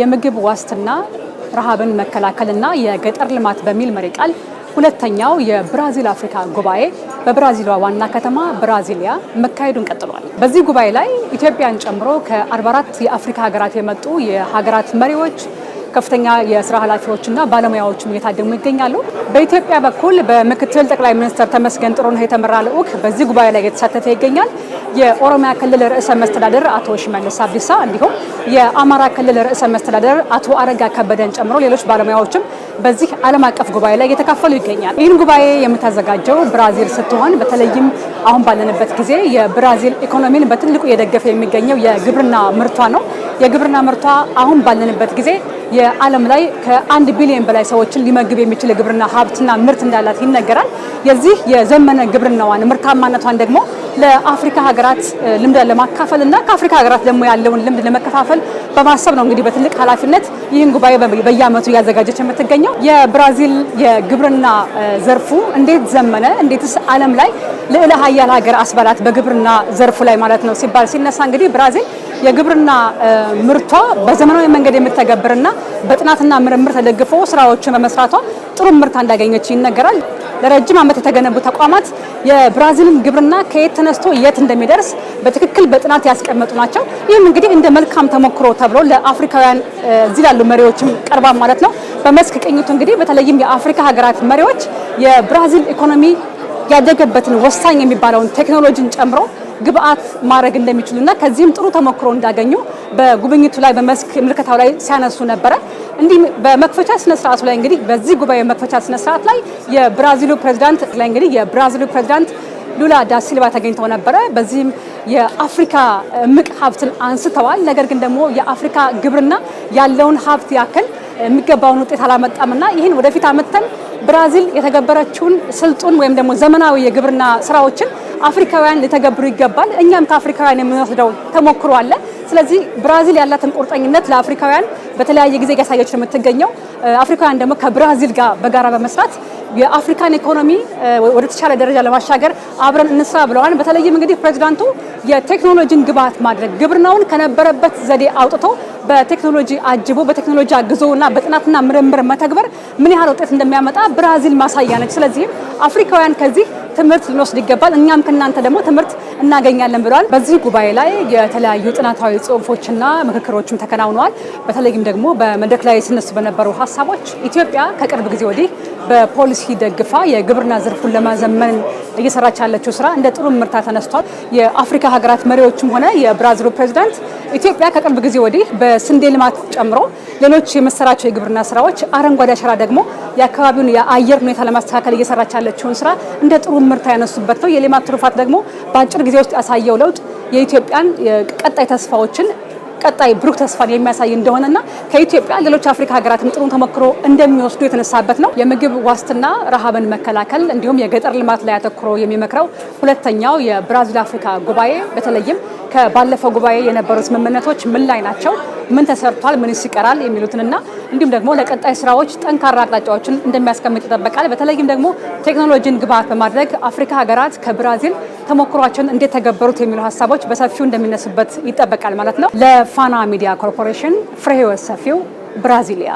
የምግብ ዋስትና ረሃብን መከላከልና የገጠር ልማት በሚል መሪ ቃል ሁለተኛው የብራዚል አፍሪካ ጉባኤ በብራዚሏ ዋና ከተማ ብራዚሊያ መካሄዱን ቀጥሏል። በዚህ ጉባኤ ላይ ኢትዮጵያን ጨምሮ ከ44 የአፍሪካ ሀገራት የመጡ የሀገራት መሪዎች ከፍተኛ የስራ ኃላፊዎችና ባለሙያዎችም እየታደሙ ይገኛሉ። በኢትዮጵያ በኩል በምክትል ጠቅላይ ሚኒስትር ተመስገን ጥሩነህ የተመራ ልዑክ በዚህ ጉባኤ ላይ እየተሳተፈ ይገኛል። የኦሮሚያ ክልል ርዕሰ መስተዳደር አቶ ሽመልስ አብዲሳ እንዲሁም የአማራ ክልል ርዕሰ መስተዳደር አቶ አረጋ ከበደን ጨምሮ ሌሎች ባለሙያዎችም በዚህ ዓለም አቀፍ ጉባኤ ላይ እየተካፈሉ ይገኛል። ይህን ጉባኤ የምታዘጋጀው ብራዚል ስትሆን በተለይም አሁን ባለንበት ጊዜ የብራዚል ኢኮኖሚን በትልቁ እየደገፈ የሚገኘው የግብርና ምርቷ ነው። የግብርና ምርቷ አሁን ባለንበት ጊዜ የዓለም ላይ ከአንድ ቢሊዮን በላይ ሰዎችን ሊመግብ የሚችል የግብርና ሀብትና ምርት እንዳላት ይነገራል። የዚህ የዘመነ ግብርናዋን ምርታማነቷን ደግሞ ለአፍሪካ ሀገራት ልምድ ለማካፈል እና ከአፍሪካ ሀገራት ደግሞ ያለውን ልምድ ለመከፋፈል በማሰብ ነው እንግዲህ በትልቅ ኃላፊነት ይህን ጉባኤ በየዓመቱ እያዘጋጀች የምትገኘው። የብራዚል የግብርና ዘርፉ እንዴት ዘመነ፣ እንዴትስ ዓለም ላይ ልዕለ ሀያል ሀገር አስባላት በግብርና ዘርፉ ላይ ማለት ነው ሲባል ሲነሳ እንግዲህ ብራዚል የግብርና ምርቷ በዘመናዊ መንገድ የምትተገብርና በጥናትና ምርምር ተደግፎ ስራዎችን በመስራቷ ጥሩ ምርታ እንዳገኘች ይነገራል። ለረጅም ዓመት የተገነቡ ተቋማት የብራዚልን ግብርና ከየት ተነስቶ የት እንደሚደርስ በትክክል በጥናት ያስቀመጡ ናቸው። ይህም እንግዲህ እንደ መልካም ተሞክሮ ተብሎ ለአፍሪካውያን እዚህ ላሉ መሪዎችም ቀርባ ማለት ነው። በመስክ ቅኝቱ እንግዲህ በተለይም የአፍሪካ ሀገራት መሪዎች የብራዚል ኢኮኖሚ ያደገበትን ወሳኝ የሚባለውን ቴክኖሎጂን ጨምሮ ግብአት ማድረግ እንደሚችሉና ከዚህም ጥሩ ተሞክሮ እንዳገኙ በጉብኝቱ ላይ በመስክ ምልከታው ላይ ሲያነሱ ነበረ። እንዲህ በመክፈቻ ስነ ስርዓቱ ላይ እንግዲህ በዚህ ጉባኤ መክፈቻ ስነ ስርዓት ላይ የብራዚሉ ፕሬዚዳንት ላይ እንግዲህ የብራዚሉ ፕሬዝዳንት ሉላ ዳ ሲልቫ ተገኝተው ነበረ። በዚህም የአፍሪካ እምቅ ሀብትን አንስተዋል። ነገር ግን ደግሞ የአፍሪካ ግብርና ያለውን ሀብት ያክል የሚገባውን ውጤት አላመጣምና ይህን ወደፊት አመተን ብራዚል የተገበረችውን ስልጡን ወይም ደግሞ ዘመናዊ የግብርና ስራዎችን አፍሪካውያን ሊተገብሩ ይገባል። እኛም ከአፍሪካውያን የምንወስደው ተሞክሮ አለ። ስለዚህ ብራዚል ያላትን ቁርጠኝነት ለአፍሪካውያን በተለያየ ጊዜ እያሳየች ነው የምትገኘው። አፍሪካውያን ደግሞ ከብራዚል ጋር በጋራ በመስራት የአፍሪካን ኢኮኖሚ ወደ ተሻለ ደረጃ ለማሻገር አብረን እንስራ ብለዋል። በተለይም እንግዲህ ፕሬዚዳንቱ የቴክኖሎጂን ግብዓት ማድረግ ግብርናውን ከነበረበት ዘዴ አውጥቶ በቴክኖሎጂ አጅቦ በቴክኖሎጂ አግዞና በጥናትና ምርምር መተግበር ምን ያህል ውጤት እንደሚያመጣ ብራዚል ማሳያ ነች። ስለዚህም አፍሪካውያን ከዚህ ትምህርት ልንወስድ ይገባል። እኛም ከእናንተ ደግሞ ትምህርት እናገኛለን ብለዋል። በዚህ ጉባኤ ላይ የተለያዩ ጥናታዊ ጽሁፎችና ምክክሮችም ተከናውነዋል። በተለይም ደግሞ በመድረክ ላይ ሲነሱ በነበሩ ሀሳቦች ኢትዮጵያ ከቅርብ ጊዜ ወዲህ በፖሊሲ ደግፋ የግብርና ዘርፉን ለማዘመን እየሰራች ያለችው ስራ እንደ ጥሩ ምርታ ተነስቷል። የአፍሪካ ሀገራት መሪዎችም ሆነ የብራዚሉ ፕሬዚዳንት ኢትዮጵያ ከቅርብ ጊዜ ወዲህ በስንዴ ልማት ጨምሮ ሌሎች የመሰራቸው የግብርና ስራዎች፣ አረንጓዴ አሻራ ደግሞ የአካባቢውን የአየር ሁኔታ ለማስተካከል እየሰራች ያለችውን ስራ እንደ ጥሩ ምርታ ያነሱበት ነው። የልማት ትሩፋት ደግሞ በአጭር ጊዜ ውስጥ ያሳየው ለውጥ የኢትዮጵያን ቀጣይ ተስፋዎችን ቀጣይ ብሩህ ተስፋን የሚያሳይ እንደሆነና ከኢትዮጵያ ሌሎች አፍሪካ ሀገራትም ጥሩ ተሞክሮ እንደሚወስዱ የተነሳበት ነው። የምግብ ዋስትና፣ ረሃብን መከላከል እንዲሁም የገጠር ልማት ላይ አተኩሮ የሚመክረው ሁለተኛው የብራዚል አፍሪካ ጉባኤ በተለይም ከባለፈው ጉባኤ የነበሩ ስምምነቶች ምን ላይ ናቸው? ምን ተሰርቷል፣ ምንስ ይቀራል የሚሉትንና እንዲሁም ደግሞ ለቀጣይ ስራዎች ጠንካራ አቅጣጫዎችን እንደሚያስቀምጥ ይጠበቃል። በተለይም ደግሞ ቴክኖሎጂን ግብዓት በማድረግ አፍሪካ ሀገራት ከብራዚል ተሞክሯቸውን እንዴት ተገበሩት የሚሉ ሀሳቦች በሰፊው እንደሚነሱበት ይጠበቃል ማለት ነው። ለፋና ሚዲያ ኮርፖሬሽን ፍሬህይወት ሰፊው ብራዚሊያ